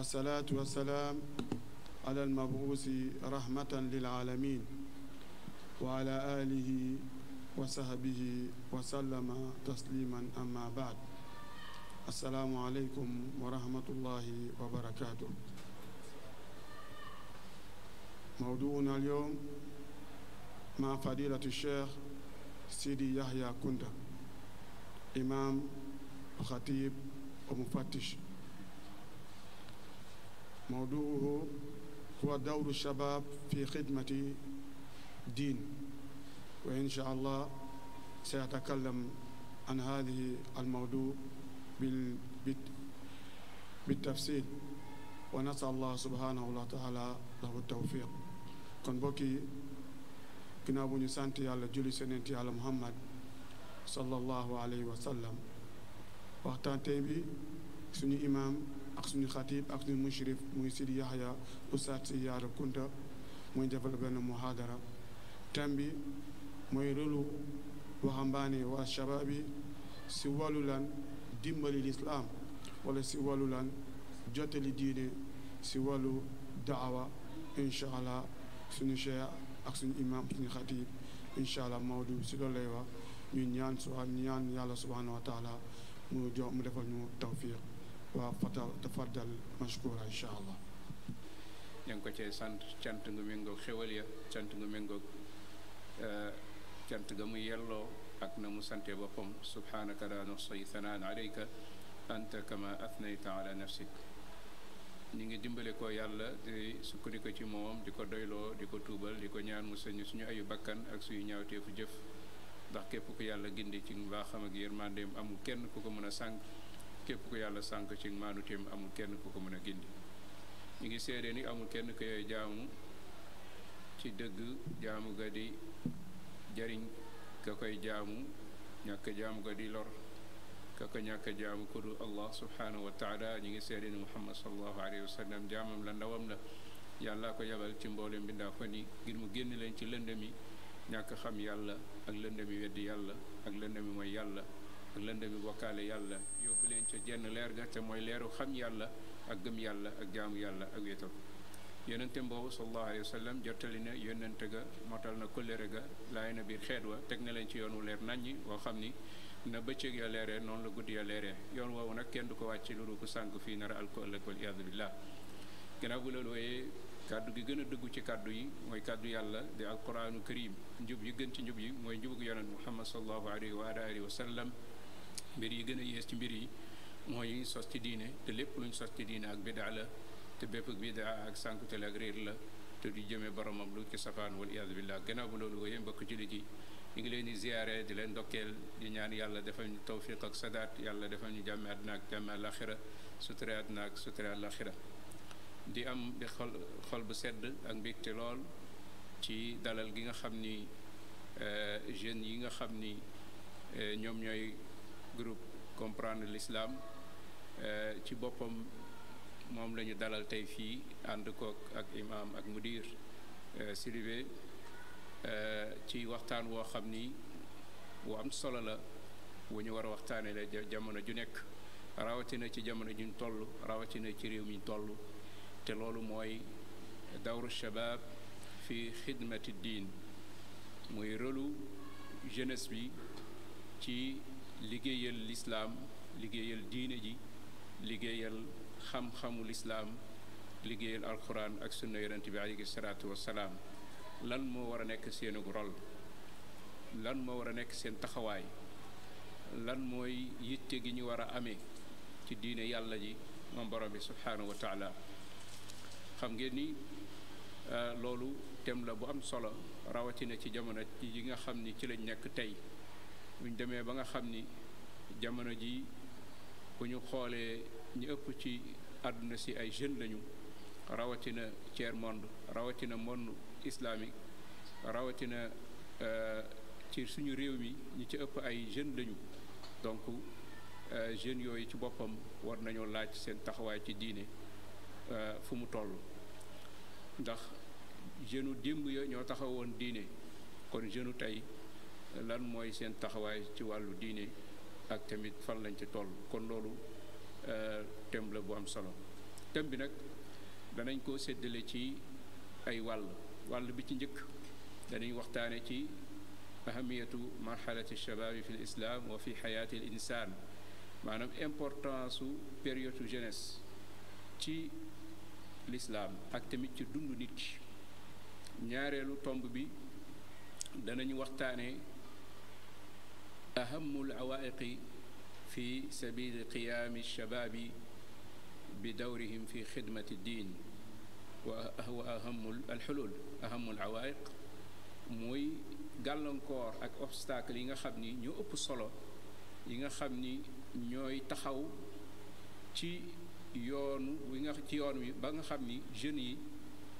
والصلاة والسلام على المبعوث رحمة للعالمين وعلى آله وصحبه وسلم تسليما أما بعد السلام عليكم ورحمة الله وبركاته موضوعنا اليوم مع فضيلة الشيخ سيدي يحيى كندا إمام وخطيب ومفتش موضوعه هو دور الشباب في خدمة دين وإن شاء الله سيتكلم عن هذه الموضوع بالتفصيل ونسأل الله سبحانه وتعالى له التوفيق kon mbokk yi ginnaaw bu ñu sant yàlla julli senent yàlla muhammad sallallahu alayhi wa sallam waxtaan tey bi suñu imaam ak suñu xatib ak suñu mushrif muy Sidi Yahya Oustaz si Yaara Kunta muy defal benn muhaadara thème bi mooy rôlu waxambaane waa shabaab yi si wàllu lan dimbali lislaam wala si wàllu lan jottali diine si wàllu daawa incha allah suñu cheikh ak suñu imam suñu xatib incha allah Maodo si loolu lay wax ñu ñaan su ñaan yàlla subhanahu wa taala mu jox defal ñu tawfiq waaw fata tafaddal mashkura incha allah ña ngi ko cee sant cant nga méngoog xéwal ya cant nga méngoog eh, cant nga mu yelloo ak na mu sante boppam subhanaka la nuxsi thanaan alayka anta kama athnayta ala nafsik ñu ngi dimbale ko yàlla di sukkandiku ci moom di ko doyloo di ko tuubal di ko ñaan mu sañu suñu ayu bakkan ak suñu ñaawteefu jëf ndax képp ku yàlla gindi ci mbaaxam ak yërmandeem amul kenn ku ko mën a sànq képp ko yàlla sànq ci maanu téem amul kenn ku ko mën a gindi ñu ngi seede ni amul kenn ku yooyu jaamu ci dëgg jaamu ga di jariñ ka koy jaamu ñàkk jaamu ga di lor ka ko ñàkk jaamu ku du allah subhanahu wa ñu ngi seede ni muhammad sallallahu alayhi wa sallam jaamam la ndawam la yàlla ko yabal ci mboolem bi ndaa fa ni ngir mu génn leen ci lëndëm yi ñàkk xam yàlla ak lëndëm yi weddi yàlla ak lëndëm yi mooy yàlla ak lëndami bokkaale yàlla yóbbu leen ca jenn leer ga te mooy leeru xam yàlla ak gëm yàlla ak jaamu yàlla ak wéetal yonente boobu sallallahu alayhi wa sallam jottali na yonente ga motal na kóllëre ga laay na biir xeet wa teg na leen ci yoon wu leer naññi woo xam ni na bëccëg ya leeree noonu la guddi ya leeree yoon woowu nag kenn du ko wàcc lu dul ko sànq fii nara alkool ak wal iyaadu billah gannaaw bu loolu wooyee kàddu gi gën a dëggu ci kàddu yi mooy kàddu yàlla di alquraanu karim njub yi gën ci njub yi mooy njubug yonent muhammad sallallahu alayhi mbir yi gën a yées ci mbir yi mooy yu ñu sos ci diine te lépp lu ñu sos ci diine ak bidaa la te bépp bidaa ak sànkutel ak réer la te du jëmee boromam lu ci safaan wal iyaadu billah gannaaw bu loolu yéen mbokk ci ji ñu ngi leen di ziyaare di leen ndokkeel di ñaan yàlla defal ñu tawfiq ak sadaat yàlla defal ñu jàmme àddina ak jàmme àlaxira sutura àddina ak sutura àlaxira di am di xol xol bu sedd ak te lool ci dalal gi nga xam ni eh, jeunes yi nga xam ni eh, ñoom ñooy groupe comprendre l'islam euh, ci boppam moom la ñu dalal tey fii ànd kook ak imam ak mudir euh, Sidibé euh, ci waxtaan woo xam ni wu am solo la wu ñu war a waxtaanee la jamono ju nekk rawatina ci jamono juñ toll rawatina ci réew mi toll te loolu mooy dawru shabaab fi xidmati diin muy rôlu jeunesse bi ci liggéeyal lislaam liggéeyal diine ji liggéeyal xam-xamu lislaam liggéeyal alquran ak sunna yonent bi alayhi salaatu wasalaam lan moo war a nekk seenug rol lan moo war a nekk seen taxawaay lan mooy yitte gi ñu war a amee ci diine yàlla ji moom borom bi subhaanahu wa xam ngeen ni euh, loolu tem bu am solo rawatina ci jamono ji nga xam ni ci lañ nekk tey buñ demee ba nga xam ni jamono ji bu ñu xoolee ñu ëpp ci àdduna si ay jeunes lañu rawatina tiers monde rawatina monde islamique rawatina euh, ci suñu réew mi ñi ci ëpp ay jeunes lañu donc euh, jeunes yooyu ci boppam war nañu laaj seen taxawaay ci diine euh, fu mu toll ndax jeune u démb ya ñoo taxawoon diine kon jeune tey lan mooy seen taxawaay ci wàllu diine ak tamit fan lañ ci toll kon loolu euh, thème la bu am solo thème bi nag danañ ko séddale ci ay wàll wàll bi ci njëkk danañ waxtaane ci ahamiyatu marxalati shababi fi l islam wa fi xayaati l maanaam importance su période jeunesse ci lislaam ak tamit ci dund nit ki ñaareelu tomb bi danañu waxtaane ahamu alawaiqi fi sabili qiyaami alshabaabi bi dawrihim fi xidmati diin wa ahamu alxulul ahamu alawaiq mooy gàllankoor ak obstacle yi nga xam ni ñoo ëpp solo yi nga xam ni ñooy taxaw ci yoon wi nga ci yoon wi ba nga xam ni jeunes yi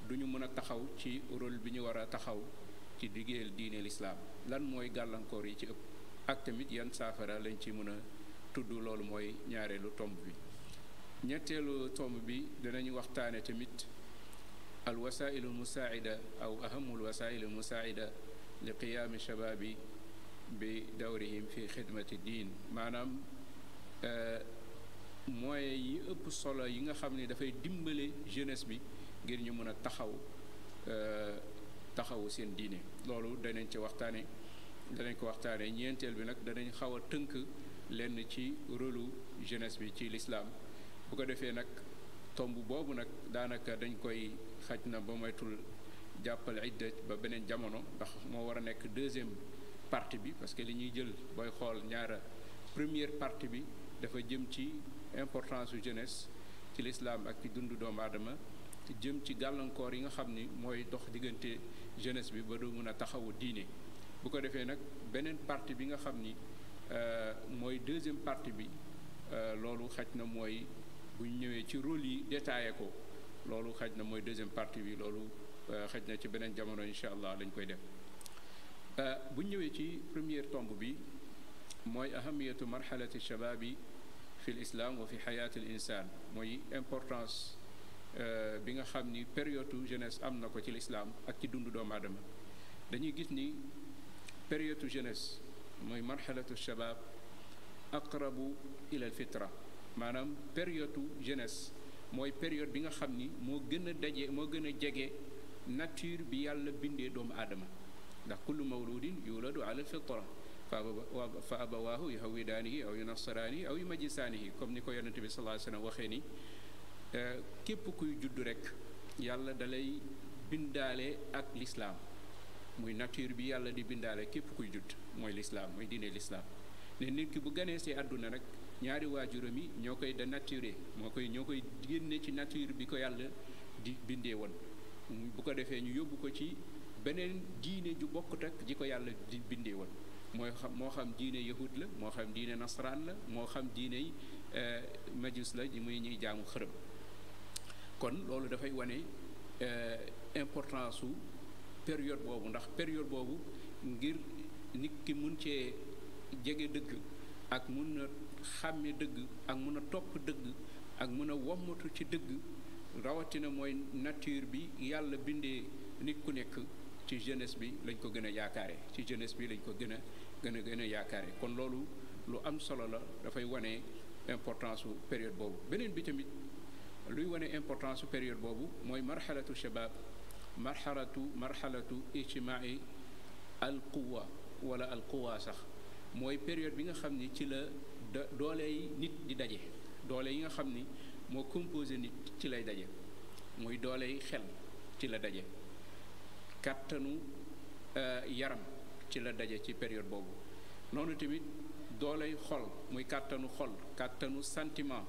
duñu mën a taxaw ci rôle bi ñu war a taxaw ci liggéeyal diine lislaam lan mooy gàllankoor yi ci ëpp ak tamit yan saafara lañ ci mën a tudd loolu mooy ñaareelu tomb bi ñetteelu tomb bi dinañu waxtaane tamit al wasailu musaida aw ahamul wasailu musaida li qiyaami shabaabi bi dawrihim fi xidmati diin maanaam euh, moyen yi ëpp solo yi nga xam ni dafay dimbale jeunesse bi ngir ñu mën a taxaw euh, taxawu seen diine loolu danañ ci waxtaane danañ ko waxtaanee ñeenteel bi nag danañ xaw a tënk lenn ci rôlu jeunesse bi ci lislaam bu ko defee nag tomb boobu nag daanaka dañ koy xaj na ba moytul jàppal idda ba beneen jamono ndax moo war a nekk deuxième partie bi parce que li ñuy jël booy xool ñaara première partie bi dafa jëm ci importance su jeunesse ci lislaam ak ci dundu doomu aadama jëm ci gàllankoor yi nga xam ni mooy dox diggante jeunesse bi ba doo mën a taxawu diine bu ko defee nag beneen partie bi nga xam ni euh, mooy deuxième partie bi euh, loolu xaj na mooy buñ ñu ñëwee ci rôle yi détaillé ko loolu xaj na mooy deuxième partie bi loolu euh, xaj na ci beneen jamono incha allah lañ koy def bu ñu ñëwee ci première tomb bi mooy ahamiyatu marxalati shababi fi lislaam wa fi xayaati l mooy importance bi nga xam ni période jeunesse am na ko ci lislaam ak ci dundu doomu aadama dañuy gis ni période jeunesse mooy marxalatu shabaab aqrabu ila al fitra maanaam période jeunesse mooy période bi nga xam ni moo gën a daje moo gën a jege nature bi yàlla bindee doomu aadama ndax kullu mawludin yuladu ala al fitra fa abawaahu yuhawidaanihi aw yunasaraanihi aw yumajjisaanihi comme ni ko yonent bi sallallahu alayhi wasallam waxee ni euh, képp kuy judd rek yàlla dalay bindaale ak lislaam muy nature bi yàlla di bindaale képp kuy judd mooy lislaam mooy diine lislaam ne nit ki bu ganee si àdduna rek ñaari waajuram yi ñoo koy dénaturé moo koy ñoo koy génne ci nature bi ko yàlla di bindee woon bu ko defee ñu yóbbu ko ci beneen diine ju bokkut ak ji ko yàlla di bindee woon mooy xam moo xam diine yahud la moo xam diine nasaraan la moo xam diiney eh, majus la muy ñuy jaamu xërëm kon loolu dafay wane eh, importance su période boobu ndax période boobu ngir nit ki mun cee jege dëgg ak mun a xàmme dëgg ak mun a topp dëgg ak mun a wommatu ci dëgg rawatina mooy nature bi yàlla bindee nit ku nekk ci jeunesse bi lañ ko gën a yaakaare ci jeunesse bi lañ ko gën a gën a gën a yaakaare kon loolu lu am solo la dafay wane importance su période boobu beneen bi tamit luy wane importance su période boobu mooy marxalatu shabab marxalatu marxalatu ijtimaai alquwa wala alquwa sax mooy période bi nga xam ni ci la doole yi nit di daje doole yi nga xam ni moo composé nit ci lay daje muy doole xel ci la daje kàttanu euh, yaram ci la daje ci période boobu noonu tamit dooley xol muy kàttanu xol kàttanu santiment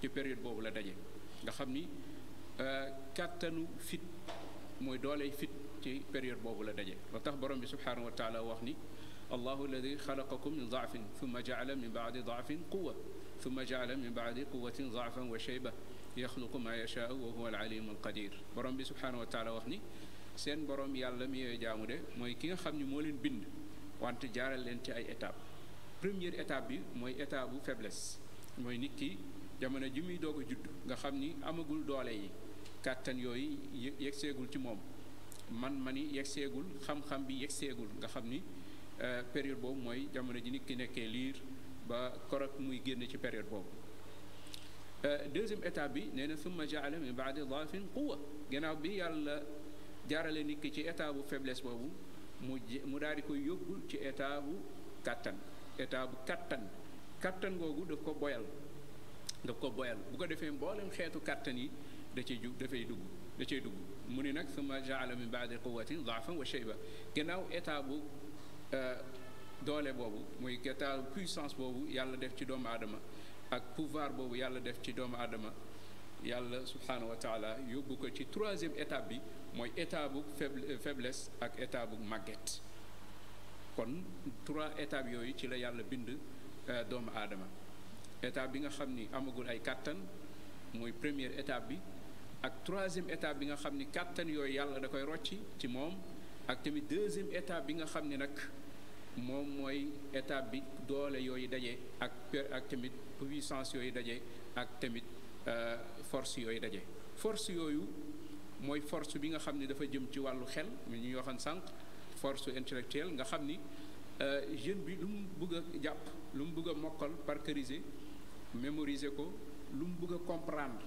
ci période boobu la daje nga xam ni euh, kàttanu fit mooy dooley fit ci période boobu la daje ba tax borom bi subhaanahu wa taala wax ni allahu alladi xalaqakum min daafin summa jaala min baadi daafin quwa summa jaala min baadi quwatin daafan wa shayba yaxluqu ma yashaau wa huwa alalimu alqadir borom bi subhaanahu wa taala wax ni seen borom yàlla mi yooyu jaamu de mooy ki nga xam ni moo leen bind wante jaaral leen ci ay étape première étape bi mooy étape bu faiblesse mooy nit ki jamono ji muy doog a judd nga xam ni amagul doole yi kattan yooyu yegg ci moom man ma ni yegg seegul xam-xam bi yegg seegul nga xam ni euh, période boobu mooy jamono ji nit ki nekkee liir ba korok muy génn ci période boobu euh, deuxième état bi nee na summa jaala min baadi daafin quwa gannaaw bi yàlla jaarale nit ki ci état bu faiblesse boobu mu mu daal di koy yóbbul ci état bu kattan état bu kàttan kàttan googu daf ko boyal daf ko boyal bu ko defee mboolem xeetu kàttan yi da cay ju dafay dugg da cay dugg mu ni nag suma jaala min baadi quwatin daafan wa shayba gannaaw état bu euh, doole boobu muy état puissance boobu yàlla def ci doomu aadama ak pouvoir boobu yàlla def ci doomu aadama yàlla subhaanahu wa taala yóbbu ko ci troisième étape bi mooy état bu faible euh, faiblesse ak état bu màgget kon trois étapes yooyu ci la yàlla bind euh, doomu aadama étape bi nga xam ni amagul ay kàttan mooy première étape bi ak troisième étape bi nga xam ni kàttan yooyu yàlla da koy rocci ci moom ak tamit deuxième étape bi nga xam ni nag moom mooy étape bi doole yooyu daje ak ak tamit puissance yooyu daje ak tamit euh, force yooyu daje force yooyu mooy force bi nga xam ni dafa jëm ci wàllu xel mu ñuy waxan sànq force intellectuelle nga xam ni euh, jeune bi lu mu bëgg a jàpp lu mu bëgg a mokkal parceriser mémoriser ko lu mu bëgg a comprendre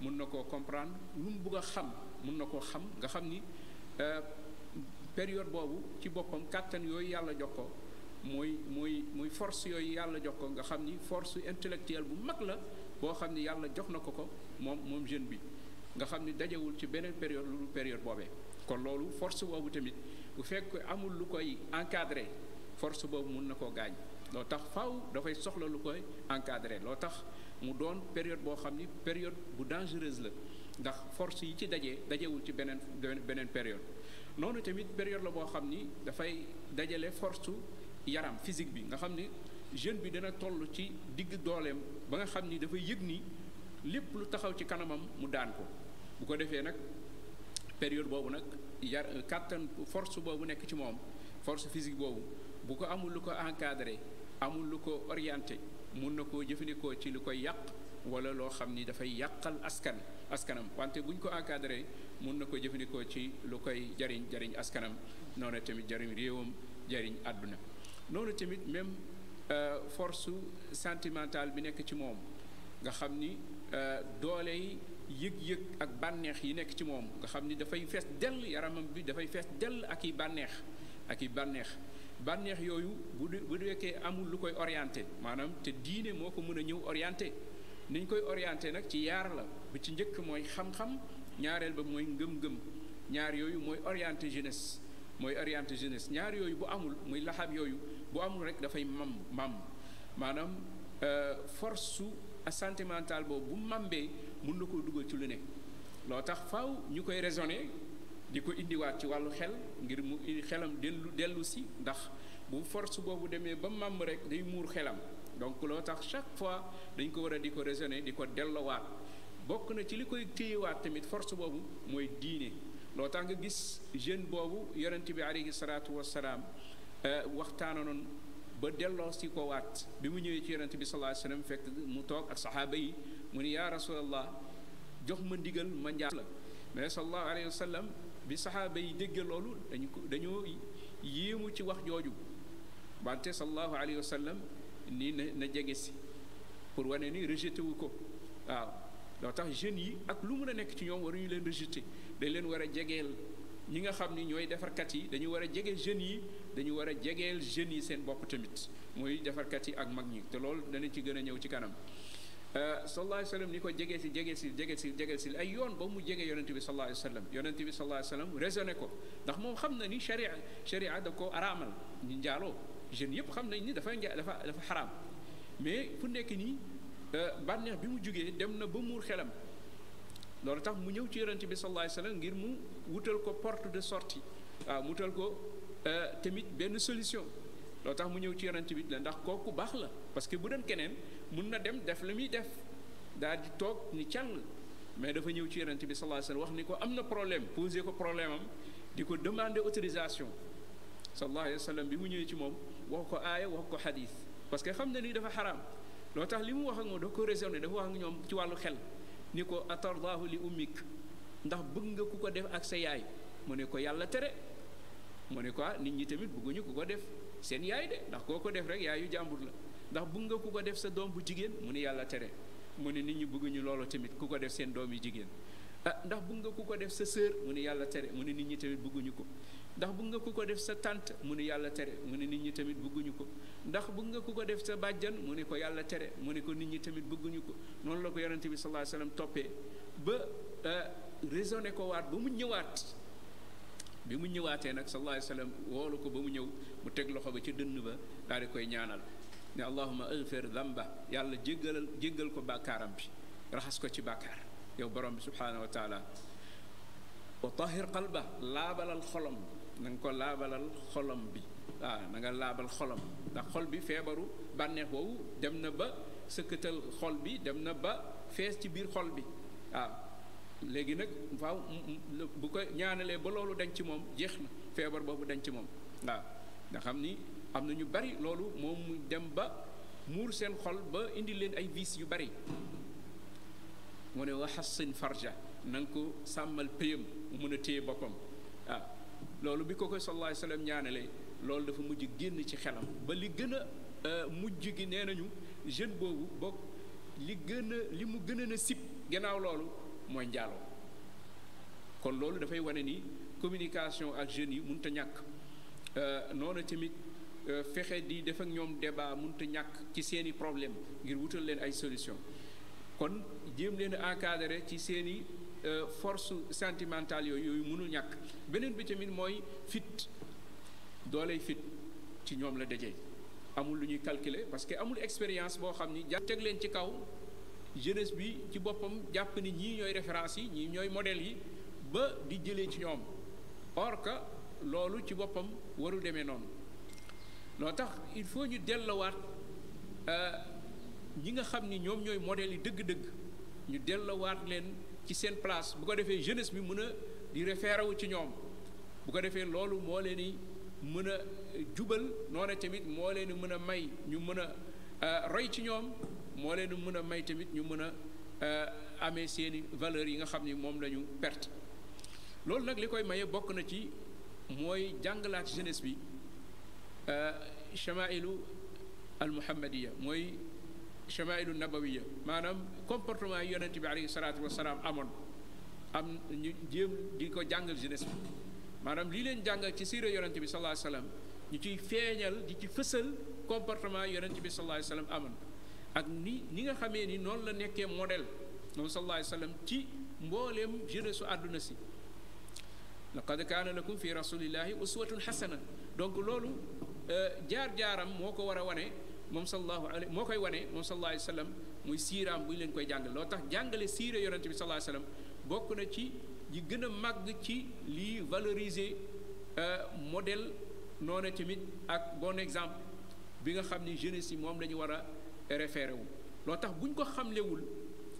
mun na koo comprendre lu mu bugg a xam mun na koo xam nga xam ni euh, période boobu ci boppam kàttan yooyu yàlla jox ko mooy mooy mooy force yooyu yàlla jox ko nga xam ni force intellectuelle bu mag la boo xam ni yàlla jox na ko ko moom moom jeune bi nga xam ni dajewul ci beneen période lu période boobee kon loolu force boobu tamit bu fekk amul lu koy encadré force boobu mun na koo gaañ loo tax faw dafay soxla lu koy encadré loo tax mu doon période boo xam ni période bu dangereuse la ndax force yi ci dajee dajewul ci beneen beneen période noonu tamit période la boo xam ni dafay dajale force yaram physique bi nga xam ni jeune bi dana toll ci digg dooleem ba nga xam ni dafay yëg ni lépp lu taxaw ci kanamam mu daan ko bu ko defee nag période boobu nag yar euh, kàttan force boobu nekk ci moom force physique boobu bu ko amul lu ko encadré amul lu ko orienté mun na koo jëfandikoo ci lu koy yàq wala loo xam ni dafay yàqal askan askanam wante buñ ko encadré mun na ko jëfandikoo ci lu koy jariñ jariñ askanam noonu tamit jariñ réewam jariñ àdduna noonu tamit même euh, force sentimentale bi nekk ci moom nga xam ni euh, doole yëg-yëg ak bànneex yi nekk ci moom nga xam ni dafay fees dell yaramam bi dafay fees dell ak i bànneex ak i bànneex bànneex yooyu bu du bu dekkee amul lu koy orienté maanaam te diine moo ko mën a ñëw orienté niñ koy orienté nag ci yaar la bu ci njëkk mooy xam-xam ñaareel ba mooy ngëm-ngëm ñaar yooyu mooy orienté jeunesse mooy orienté jeunesse ñaar yooyu bu amul muy laxab yooyu bu amul rek dafay mam mam maanaam euh, force su sentimentale boobu bu mambee mun na koo dugal ci lu ne loo tax faw ñu koy raisonné di ko indiwaat ci wàllu xel ngir mu xelam dellu dellu si ndax bu force boobu demee ba màmm rek day muur xelam donc loo tax chaque fois dañ ko war a di ko raisonner di ko dellowaat bokk na ci li koy téyewaat tamit force boobu mooy diine loo tax nga gis jeune boobu yonent bi aleyhi salaatu wasalaam euh, waxtaanoon ba delloo si ko waat bi mu ñëwee ci yonent bi sallallahu alayhi wasallam fekk mu toog ak saxaaba yi mu ni yaa rasulallah jox ma ndigal ma njaam la mais sallallahu bi saxaaba yi dégge loolu dañu ko dañoo yéemu ci wax jooju wante sallallahu alayhi wa sallam ni na na jege si pour wane ni rejeté wu ko waaw loo tax jeunes yi ak lu mun a nekk ci ñoom ñu leen rejeté dañ leen war a jegeel ñi nga xam ni ñooy defarkat yi dañu war a jege jeunes yi dañu war a jegeel jeunes yi seen bopp tamit mooy defarkat yi ak mag ñi te loolu dana ci gën a ñëw ci kanam Eh, sallallahu alayhi wa sallam ni ko jege si jege si jege si jege si ay yoon ba mu jege yonent bi sallallahu alayhi wa sallam yonent bi sallallahu alayhi wa sallam raisonné ko ndax moom xam na ni sharia sharia da ko araamal ñu njaaloo jeunes yëpp xam nañ ni dafay nja dafa dafa xaraam mais fu nekk nii eh, bànneex bi mu jógee dem na ba muur xelam loolu tax mu ñëw ci yonent bi sallallahu alayhi wa sallam ngir mu wutal ko porte de sorti waaw mu wutal ko eh, tamit benn solution loo tax mu ñëw ci yonent bi la ndax kooku baax la parce que bu dem keneen mun na dem def la muy def daal di toog ni càng mais dafa ñëw ci yonent bi sallallahu wax ni ko am na problème posé ko problème di ko demander autorisation sallallahu alayhi wa bi mu ñëwee ci moom wax ko aaya wax ko xadiis parce que xam na nii dafa xaraam loo tax li mu wax ak moom dafa ko raisonné dafa wax ak ñoom ci wàllu xel ni ko atardaahu li ummik ndax bëgg nga ku ko def ak sa yaay mu ne ko yàlla tere mu ne ko ah, nit ñi tamit bëgguñu ku ko def seen yaay de ndax koo ko def rek yaayu jàmbur la ndax bëgg nga ku ko def sa doom bu jigéen mu ni yàlla tere mu ni nit ñi bëgguñu loolu tamit ku ko def seen doom yu jigéen ah ndax bëgg nga ku ko def sa sœur mu yàlla tere mu ni nit ñi tamit bëgguñu ko ndax bëgg nga ku ko def sa tante mu ni yàlla tere mu ni nit ñi tamit bëgguñu ko ndax bëgg nga ku def sa bàjjan mu ne ko yàlla tere mu ne ko nit ñi tamit bëgguñu ko noonu la ko yonente bi sa alayhi wasallam toppee ba ah, raisonné ko waat ba mu ñëwaat bi mu ñëwaatee nag sallallahu alayhi wa woolu ko ba mu ñëw mu teg loxo ba ci dënn ba daal di koy ñaanal ne allahuma agfir damba yàlla jéggalal jéggal ko bakkaaram bi raxas ko ci bàkkaar yow borom bi subhaanahu wa taala wa tahir qalba laabalal xolom na ko laabalal xolom bi waaw laabal xolom ndax xol bi feebaru bànneex woowu dem na ba sëkkatal xol bi dem na ba fees ci biir xol bi waaw léegi nag faaw mm, mm, bu ko ñaanalee ba loolu dañ ci moom jeex na feebar boobu dañ ci moom waaw nga xam ni am na ñu bari loolu moom mu dem ba muur seen xol ba indi leen ay vices yu bari moo ne waxasin farja nanga ko sàmmal péyam mu mën a téye boppam waaw loolu bi ko ko sallallahu alayhi ñaanalee loolu dafa mujj génn ci xelam ba li gën a euh, mujj gi nee nañu jeune boobu bokk li gën li mu gën na sib gannaaw loolu mooy njaaloo kon loolu dafay wane ni communication ak jeunes yi mënut a ñàkk euh, noonu tamit euh, fexe di def ak ñoom débat mënut a ñàkk ci seeni problème ngir wutal leen ay solution kon jéem leen encadré ci seeni euh, force sentimentale yooyu yooyu mënul ñàkk beneen bi tamit mooy fit dooley fit ci ñoom la dajee amul lu ñuy calculer parce que amul expérience boo xam ni teg leen ci kaw jeunesse bi ci boppam jàpp ni ñii ñooy référence yi ñii ñooy modèle yi ba di jëlee ci ñoom or que loolu ci boppam warul demee noonu loo tax il faut ñu dellowaat euh, ñi nga xam ni ñoom ñooy modèle yi dëgg-dëgg ñu dellowaat leen ci seen place bu ko defee jeunesse bi mun a di référé ci ñoom bu ko defee loolu moo leen di mën a jubal noonu tamit moo leen di mën a may ñu mën a euh, roy ci ñoom moo leen mën a may tamit ñu mën a euh, amee seeni valeurs yi nga xam ni moom la perte loolu nag li koy maye bokk na ci mooy jàngalaat jeunesse bi chamailu euh, al muhammadiya mooy chamailu nabawiya maanaam comportement yi yonente bi alayhi salaatu wasalaam amoon am ñu jéem di ko jàngal jeunesse bi maanaam lii leen jàngal ci siira yonente bi sallallahu alayhi ñu ciy feeñal di ci fësal comportement yonente bi sallallahu alayhi wasallam amoon ak ni ñi nga xamee ni noonu la nekkee model moom sallallahu alayhi ci mbooleem jeunesse su àdduna si laqad kaana lakum fi rasulillahi uswatun xasana donc loolu euh, jaar-jaaram moo ko war a wane moom sallallahu alayhi moo koy wane moom sallallahu alayhi wa sallam muy siiraam bu leen koy jàngal loo tax jàngale siira yonente bi sallallahu alayhi bokk na ci yi gën a màgg ci lii valoriser euh, modèle noonu tamit ak bon exemple bi nga xam ni jeunesse si moom la ñu war a référé wu loo tax bu ñu ko xamlewul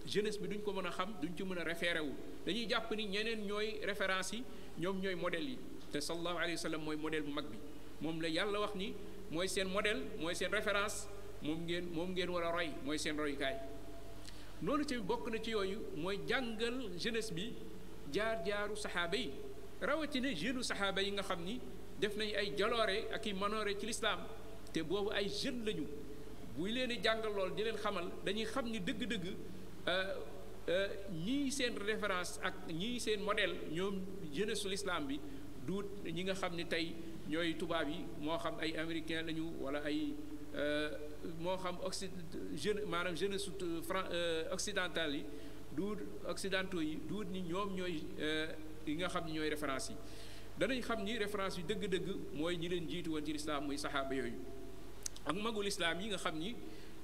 jeunesse bi duñ ko mën a xam duñ ci mën a référé wu dañuy jàpp ni ñeneen ñooy référence yi ñoom ñooy modèle yi te sallallahu alayhi wa mooy modèle mu mag bi moom la yàlla wax ni mooy seen modèle mooy seen référence moom ngeen moom ngeen war a roy mooy seen royukaay noonu ci bokk na ci yooyu mooy jàngal jeunesse bi jaar-jaaru saxaaba yi rawatina jeune saxaaba yi nga xam ni def nañ ay jaloore ak i manoore ci lislaam te boobu ay jeune lañu buy leen di jàngal lool di leen xamal dañuy xam ni dëgg-dëgg euh, euh, ñii seen référence ak ñii seen modèle ñoom jeunesse su l'islam bi duut ñi nga xam ni tey ñooy tubaab yi moo xam ay américain lañu wala ay euh, moo xam occi jeune maanaam jeunesse fran occidentale yi duut occidentaux yi duut ni ñoom ñooy yi nga xam ni ñooy référence yi danañ xam ni référence yi dëgg-dëgg mooy ñi leen jiitu woon ci lislaam muy saxaaba yooyu ak magul islaam yi nga xam ni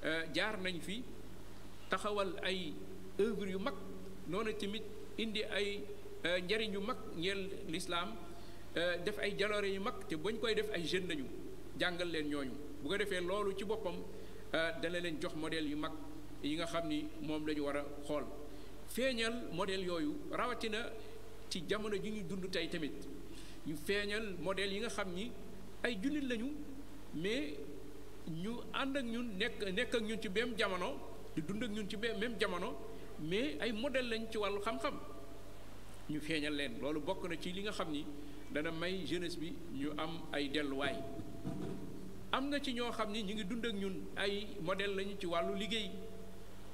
euh, jaar nañ fi taxawal ay œuvre yu mag noonu tamit indi ay euh, njariñ yu mag ñeel lislaam euh, def ay jaloore yu mag te bañ koy def ay jeunes lañu jàngal leen ñooñu bu ko defee loolu ci boppam dana leen jox modèle yu mag yi nga xam ni moom la ñu war a xool feeñal modèle yooyu rawatina ci jamono ji ñu dund tey tamit ñu feeñal modèle yi nga xam ni ay jullit lañu mais ñu ànd ak ñun nekk nekk ak ñun ci bem jamono di dund ak ñun ci même jamono mais ay modèle lañ ci wàllu xam-xam ñu feeñal leen loolu bokk na ci li nga xam ni dana may jeunesse bi ñu am ay delluwaay am na ci ñoo xam ni ñu ngi dund ak ñun ay modèle lañu ci wàllu liggéey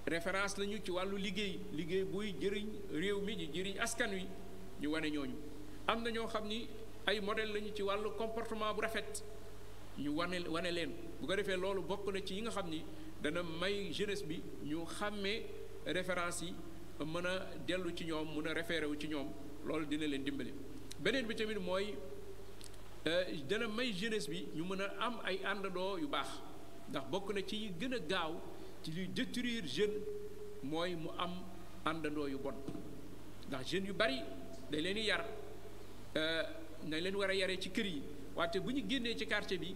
référence lañu ci wàllu liggéey liggéey buy jëriñ réew mi di jëriñ askan wi ñu wane ñooñu am na ñoo xam ni ay modèle lañu ci wàllu comportement bu rafet ñu wane wane leen bu ko defee loolu bokk na ci yi nga xam ni dana may jeunesse bi ñu xàmmee référence yi mën a dellu ci ñoom mën a référé ci ñoom loolu dina leen dimbali beneen bi tamit mooy euh, dana may jeunesse bi ñu mën a am ay àndandoo yu baax ndax bokk na ci yi gën a gaaw ci luy détruire jeune mooy mu am àndandoo yu bon ndax jeunes yu bari dañ leen di yar nañ euh, leen war a yare ci kër yi wante bu ñu génnee ci quartier bi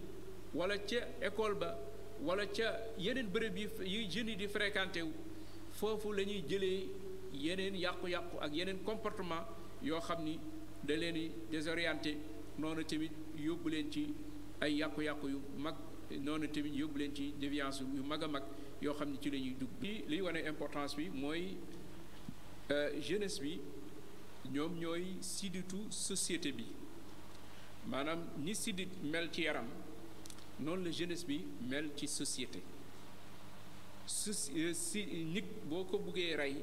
wala ca école ba wala ca yeneen bërëb yi yi yi di fréquenté wu foofu la ñuy jëlee yeneen yàqu-yàqu ak yeneen comportement yoo xam ni da leen di désorienté noonu tamit yóbbu leen ci ay yàqu-yàqu yu mag noonu tamit yóbbu leen ci déviance yu mag a mag yoo xam ne ci la dugg. bi liy wane importance bi mooy euh, jeunesse bi ñoom ñooy sidditu société bi maanaam ni siddit mel ci yaram. noonu la jeunesse bi mel ci société su euh, nit boo ko buggee rey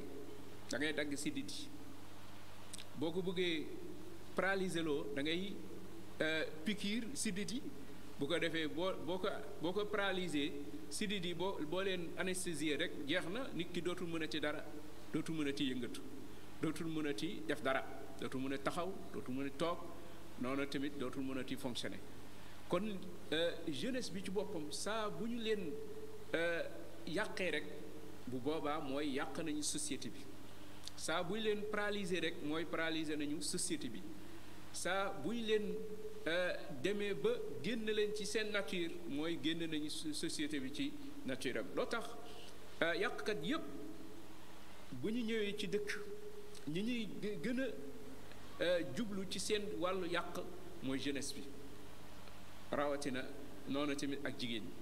da ngay dagg si didi boo ko buggee paralyser loo da ngay euh, pikiir si didi bu ko defee boo boo ko boo ko paralyser si yi boo boo leen anesthésier rek jeex na nit ki dootul mën a ci dara dootul mën a ci yëngatu dootul mën a ci def dara dootul mën a taxaw dootul mën a toog noonu tamit dootul mën a ci fonctionner kon euh, jeunesse bi ci boppam saa bu ñu leen euh, yàqee rek bu boobaa mooy yàq nañu société bi saa bu leen paralyser rek mooy paralyser nañu société bi saa bu ñu leen euh, demee ba génn leen ci seen nature mooy génn nañu société bi ci nature am loo tax yàqkat yépp bu ñu ñëwee ci dëkk ñi ñuy gën a jublu ci seen wàllu yàq mooy jeunesse bi rawatina noonu tamit ak jigéen ñi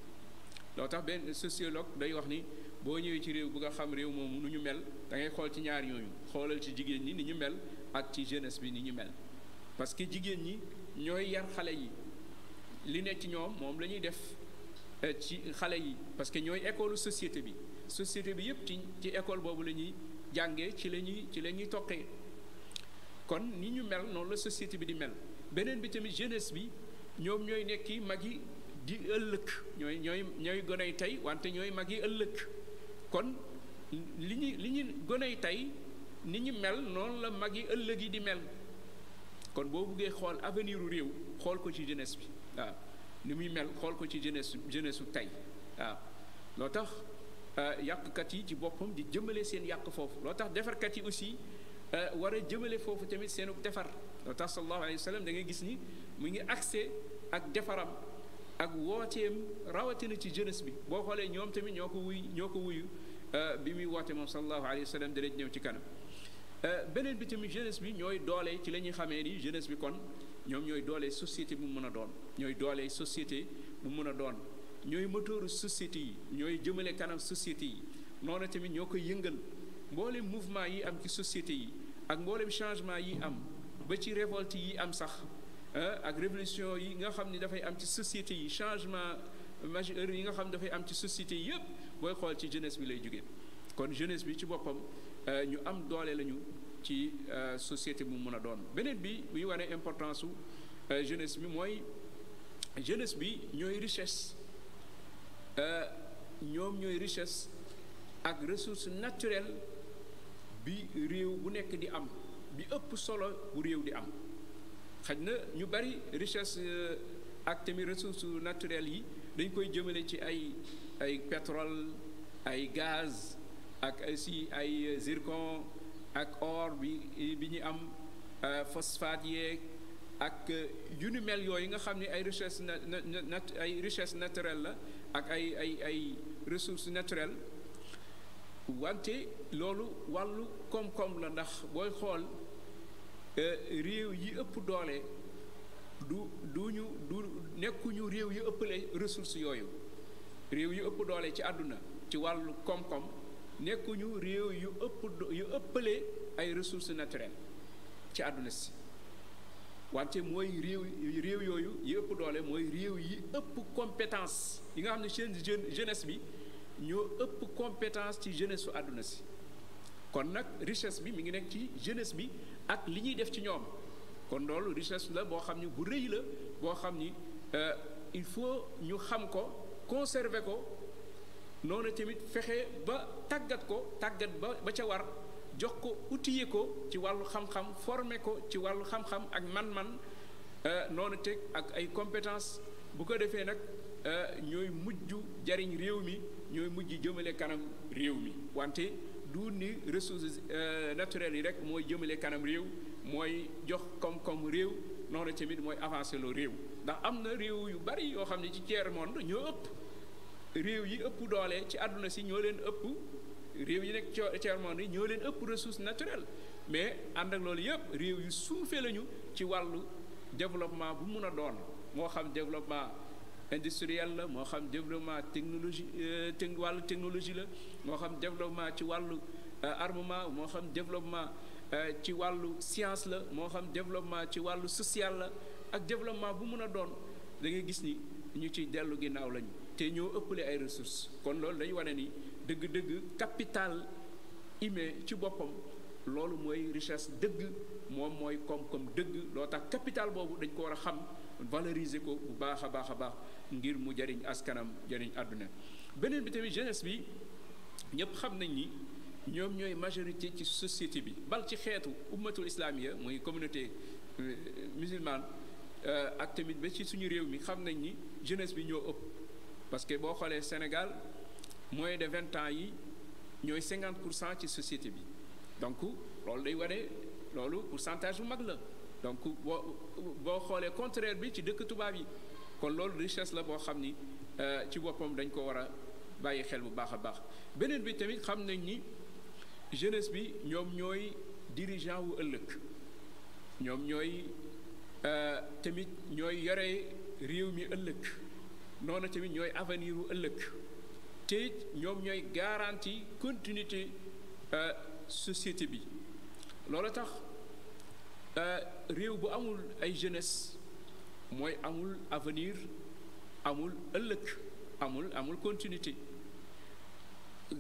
loo tax benn sociologue day wax ni boo ñëwee ci réew bu nga xam réew moom nu ñu mel da ngay xool ci ñaar ñooñu xoolal ci jigéen ñi ni ñu mel ak ci jeunesse bi ni ñu mel parce que jigéen ñi ñooy yar xale yi li ne ci ñoom moom la ñuy def eh, ci xale yi parce que ñooy école société bi société bi yépp ci ci école boobu la ñuy jàngee ci la ñuy ci la ñuy toqee kon ni ñu mel noonu la société bi di mel beneen bi tamit jeunesse bi ñoom ñooy nekki mag yi di ëllëg ñooy ñooy ñooy goney tey wante ñooy mag yi ëllëg kon li ñu li ñu goney tey ni ñu mel noonu la mag yi ëllëg yi di mel kon boo buggee xool aveniru réew xool ko ci jeunesse bi waaw muy mel xool ko ci jeunesse jeunesse u tey waaw loo tax euh, yàqkat yi ci boppam di jëmale seen yàq foofu loo tax defarkat yi aussi euh, war a jëmale foofu tamit seen defar loo tax sallallahu alayhi wa sallam da ngay gis ni mu ngi accès ak defaram ak wooteem rawatina ci jeunesse bi boo xoolee ñoom tamit ñoo ko wuy ñoo ko wuyu euh, bi muy woote moom sallallahu alayhi wa sallam dinañ ñëw ci kanam euh, beneen bi tamit jeunesse bi ñooy doolee ci la ñuy xamee ni jeunesse bi kon ñoom ñooy doolee société bu mën a doon ñooy doole société bu mën a doon ñooy motooru société yi ñooy jëmale kanam société yi noonu tamit ñoo koy yëngal mboolem mouvement yi am ci société yi ak mboolem changement yi am ba ci révolte yi am sax Euh, ak révolution yi nga xam ni dafay am ci société yi changement majeur yi nga xam dafay am ci société yi yëpp booy xool ci jeunesse bi lay jógee kon jeunesse bi ci boppam euh, ñu am doole lañu ci euh, société bu mun a doon beneen bi buy waree importance su jeunesse bi mooy jeunesse bi ñooy richesse ñoom ñooy richesse ak ressource naturelle bi réew bu nekk di am bi ëpp solo bu réew di am xaj na ñu bari richesse euh, ak tamit ressources naturelles yi dañ koy jëmale ci ay ay pétrole ay gaz ak aussi ay euh, zircon ak or bi bi ñu am euh, phosphate yeeg ak yu ni mel yooyu nga xam ni ay richesse na na naturelle la ak ay ay ay ressources naturelles wante loolu wàllu koom-koom la ndax booy xool réew yi ëpp doole du du ñu du nekkuñu réew yu ëppale ressources yooyu réew yu ëpp doole ci àdduna ci wàllu koom-koom nekkuñu réew yu ëpp yu ëppale ay ressource naturelles ci àdduna si wante mooy réew réew yooyu yi ëpp doole mooy réew yi ëpp compétence yi nga xam ne seen jeunesse bi ñoo ëpp compétence ci jeunesse su àdduna si kon nag richesse bi mi ngi nekk ci jeunesse bi ak li ñuy def ci ñoom kon loolu richesse la boo xam ni bu rëy la boo xam ni euh, il faut ñu xam ko conserver ko noona tamit fexe ba tàggat ko tàggat ba ba ca war jox ko outillé ko ci wàllu xam-xam formé ko ci wàllu xam-xam ak man-man euh, noonu teg ak ay compétence bu ko defee nag euh, ñooy mujj jariñ réew mi ñooy mujj jëmale kanam réew mi wante du ni ressources euh, naturelles yi rek mooy jëmale kanam réew mooy jox koom-koom réew noonu tamit mooy avancé loo réew ndax am na réew yu bari yoo xam ne ci tiers monde ñoo ëpp réew yi ëpp doole ci àdduna si ñoo leen ëpp réew yi nekk tiers monde yi ñoo leen ëpp ressources naturel mais ànd ak loolu yëpp réew yu suufee lañu ci wàllu développement bu mun a doon moo xam développement. industriel la moo xam développement technologie euh, te wàllu technologie la moo xam développement ci wàllu euh, armement moo xam développement euh, ci wàllu science la moo xam développement ci wàllu sociale la ak développement bu mun a doon da ngay gis ni ñu ci dellu ginnaaw lañu te ñoo ëppale ay ressources kon loolu dañu wane ni dëgg-dëgg capital humain ci boppam loolu mooy richesse dëgg moom mooy koom-koom dëgg loo tax capital boobu dañ ko war a xam valoriser ko bu baax a baax a baax ngir mu jariñ askanam jariñ àdduna beneen bi tamit jeunesse bi ñëpp xam nañ ni ñoom ñooy majorité ci société bi bal ci xeetu ummatul islamiya mooy communauté euh, musulmane euh, ak tamit ba ci suñu réew mi xam nañ ni jeunesse bi ñoo ëpp parce que boo xoolee Sénégal moins de vingt ans yi ñooy cinquante pour cent ci société bi donc loolu day wane loolu pourcentage bu mag la donc boo boo xoolee contraire bi ci dëkk tubaab yi kon loolu richesse la boo xam ni euh, ci boppam dañ ko war a bàyyi xel bu baax a baax beneen bi tamit xam nañ ni jeunesse bi ñoom ñooy dirigeant wu ëllëg ñoom ñooy euh, tamit ñooy yore réew mi ëllëg noonu tamit ñooy avenir wu ëllëg te ñoom ñooy garanti continuté euh, société bi loolu tax réew bu amul ay jeunesse mooy amul avenir amul ëllëg amul amul continuité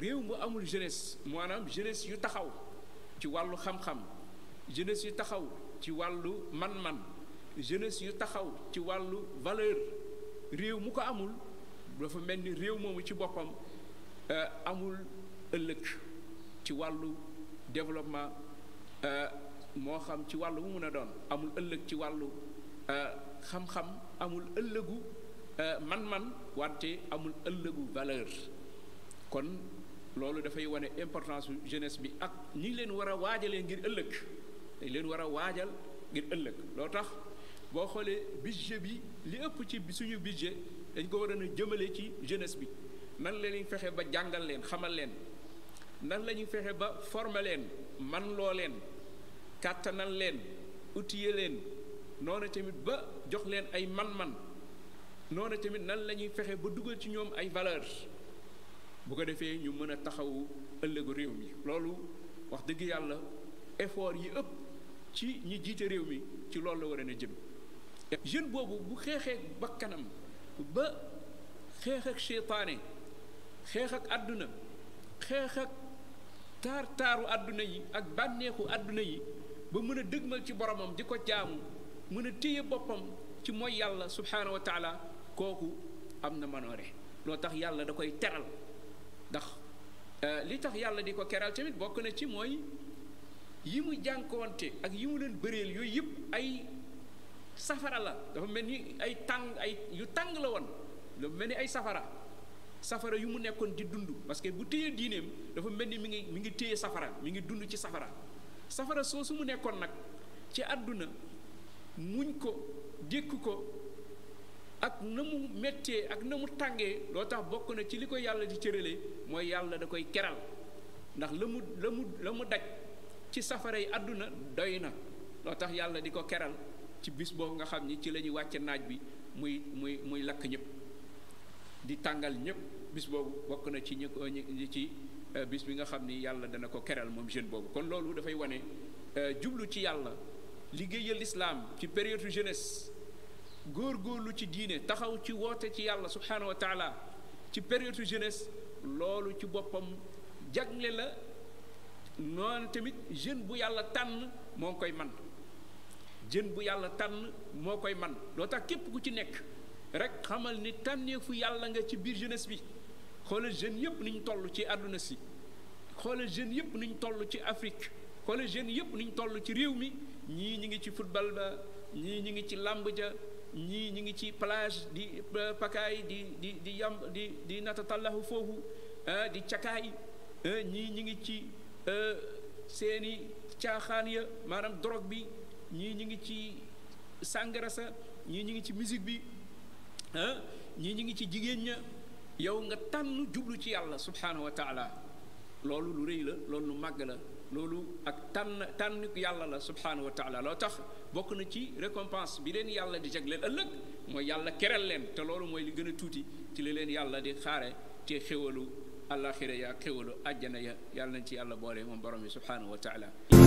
réew mu amul jeunesse maanaam jeunesse yu taxaw ci wàllu xam-xam jeunesse yu taxaw ci wàllu man-man jeunesse yu taxaw ci wàllu valeur réew mu ko amul dafa mel ni réew moomu ci boppam euh, amul ëllëg ci wàllu développement euh, moo xam ci wàllu mu mun a doon amul ëllëg ci wàllu euh, xam-xam amul ëllëgu euh, man-man wante amul ëllëgu valeur kon loolu dafay wane importance jeunesse bi ak ñi leen war a waajalee ngir ëllëg dañ leen war a waajal ngir ëllëg loo tax boo xoolee budget bi li ëpp ci suñu budget dañ ko war a jëmale ci jeunesse bi nan la ñuy fexe ba jàngal leen xamal leen nan la ñuy fexe ba former leen man loo leen kàttanal leen outiller leen noonu tamit ba jox leen ay man-man noonu tamit nan la ñuy fexe ba dugal ci ñoom ay valeur bu ko defee ñu mën a taxawu ëllëgu réew mi loolu wax dëgg yàlla effort yi ëpp ci ñi jiite réew mi ci loolu la war a na jëm jeune boobu bu xeexee bakkanam ba xeex ak seytaane xeex ak àdduna xeex ak taar taaru àdduna yi ak bànneexu àdduna yi ba mën a dëgmal ci boromam di ko jaamu mën a téye boppam ci mooy yàlla subhaanahu wa taala kooku am na manoore loo tax yàlla da koy teral ndax euh, li tax yàlla di ko keral tamit bokk na ci mooy yi mu jànkoonte ak yi mu leen bëreel yooyu yëpp ay safara la dafa mel ni ay tàng ay yu tàng la woon lu mel ni ay safara safara yu mu nekkoon di dund parce que bu téye diineem dafa mel ni mi ngi mi ngi téye safara mi ngi dund ci safara safara soo su mu nekkoon nag ci àdduna muñ ko dékk ko ak na mu méttee ak na mu tàngee loo tax bokk na ci li ko yàlla di cëralee mooy yàlla da koy keral ndax la mu la mu la daj ci safara yi àdduna doy na loo tax yàlla di ko keral ci bis boobu nga xam ni ci lañuy ñuy naaj bi muy muy muy lakk ñëpp di tàngal ñëpp bis boobu bokk na ci ñi ci euh, bis bi nga xam ni yàlla dana ko keral moom jeune boobu kon loolu dafay wane euh, jublu ci yàlla liggéeyal islaam ci période góor góorgóorlu ci diine taxaw ci woote ci yàlla subhaanahu wa taala ci période jeunesse loolu ci boppam jagle la noonu tamit jeune bu yàlla tànn moo koy man jeune bu yàlla tànn moo koy man loo tax képp ku ci nekk rek xamal ni tànneefu yàlla nga ci biir jeunesse bi xoolal jeunes yëpp niñ toll ci àdduna si xoolal jeunes yëpp niñ toll ci Afrique xoolal jeunes yëpp niñ toll ci réew mi ñii ñu ngi ci football ba ñii ñu ngi ci làmb ja ñii ñu ngi ci plage di pakaay di di di yamb di di natatallahu foofu di cakaay ñii ñu ngi ci seeni caaxaan ya maanaam drogue bi ñii ñu ngi ci sàngara sa ñii ñu ngi ci musique bi ñii ñu ngi ci jigéen ña yow nga tànn jublu ci yàlla subhaanahu wa loolu lu rëy la loolu lu màgg la loolu ak tànn tànn yàlla la subhaanahu wa taala loo tax bokk na ci récompense bi leen yàlla di jagleel ëllëg mooy yàlla keral leen te loolu mooy li gën a tuuti ci li leen yàlla di xaare ci xéwalu àllaaxira ya xéwalu àjjana ya yàlla nañ ci yàlla boole moom borom bi subhaanahu wa taala